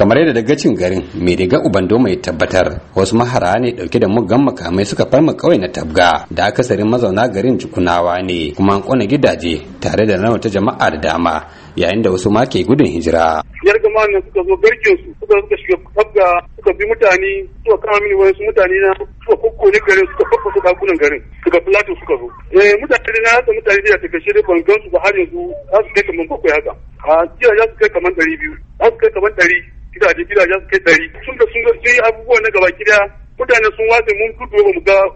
kamar yadda daga cin garin mai riga ubando mai tabbatar wasu mahara ne dauke da muggan makamai suka farma kawai na tabga da akasarin mazauna garin jukunawa ne kuma an kona gidaje tare da ta jama'a da dama yayin da wasu ma ke gudun hijira. Yar gama ne suka zo garkin su suka suka shiga kabga suka bi mutane suka kama mini wani su mutane na suka kokko ne garin suka su faffasa gudun garin suka filato suka zo. Eh mutane na haka mutane da take shirye da bangon su ba har yanzu za su kai kaman bakwai haka. A jiya za su kai kaman ɗari biyu za su kai kaman ɗari gidaje gidaje su kai ɗari. Sun da sun yi abubuwa na gaba kida mutane sun watsa mun tudu ba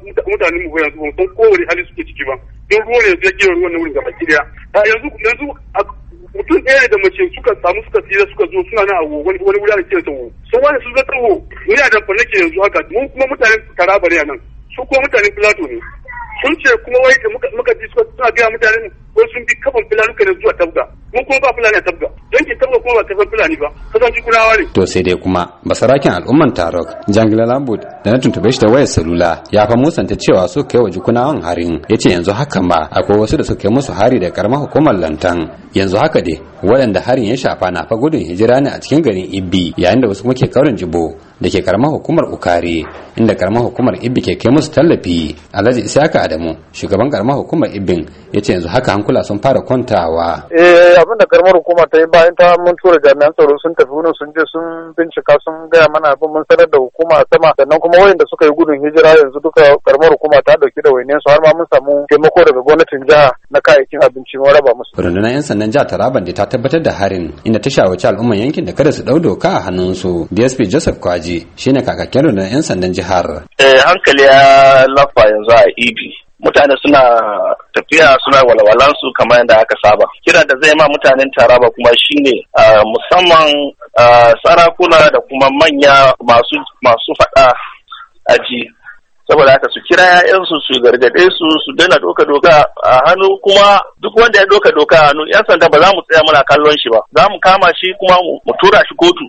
mu ga mutanen mu yanzu ba mu san kowane hali suke ciki ba. Don ruwan yanzu ya gewa ruwan na wurin gaba kida. Yanzu yanzu mutum ɗaya da mace suka samu suka tsira suka zo suna na awo wani wani wuri da ke tawo sun wani sun zata wo ni a fa nake yanzu haka mun kuma mutanen taraba ne nan su kuma mutanen filato ne sun ce kuma wai da muka ji suka suna biya mutanen wai sun bi kafan filanuka ne zuwa tabga mun kuma ba filani a tabga kuma ba ni ba to sai dai kuma basarakin al'umman tarok jangila lambud da na tuntube shi ta wayar salula ya fa musanta cewa su kai wa jukunawan harin ya ce yanzu haka ma akwai wasu da suka yi musu hari da karamar hukumar lantan yanzu haka dai waɗanda harin ya shafa na fa gudun hijira ne a cikin garin ibbi yayin da wasu muke ke kaurin jibo da ke karamar hukumar ukari inda karamar hukumar ibbi ke kai musu tallafi alhaji isaka adamu shugaban karamar hukumar ibbin ya ce yanzu haka hankula sun fara kwantawa eh abin da karamar hukumar ta yi bayan ta mun tura jami'an tsaro sun tafi wurin sun je sun bincika sun gaya mana abin mun sanar da hukuma sama sannan kuma wayanda suka yi gudun hijira yanzu duka karamar hukuma ta dauki da wainiyan su har ma mun samu taimako daga gwamnatin jiha na kayayyakin abinci mun raba musu. Rundunar 'yan sandan jihar Taraban da ta tabbatar da harin inda ta shawarci al'umman yankin da kada su ɗau doka a hannunsu. DSP Joseph Kwaji shine kakakken rundunar 'yan sandan jihar. Eh hankali ya lafa yanzu a Ibi. mutane suna tafiya suna walwalan su kamar yadda aka saba kira da zai ma mutanen taraba kuma shine musamman sarakuna da kuma manya masu faɗa aji saboda haka su kira 'ya'yansu su gargaɗe su su daina doka doka a hannu kuma duk wanda ya doka doka a hannu 'yan sanda ba za mu tsaya muna kallon shi ba za mu kama shi kuma mu tura shi kotu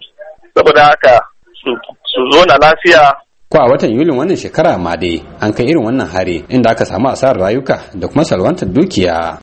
saboda haka su zo na lafiya ko a watan yulin wannan shekara ma dai an kai irin wannan hari inda aka samu asarar rayuka da kuma salwantar dukiya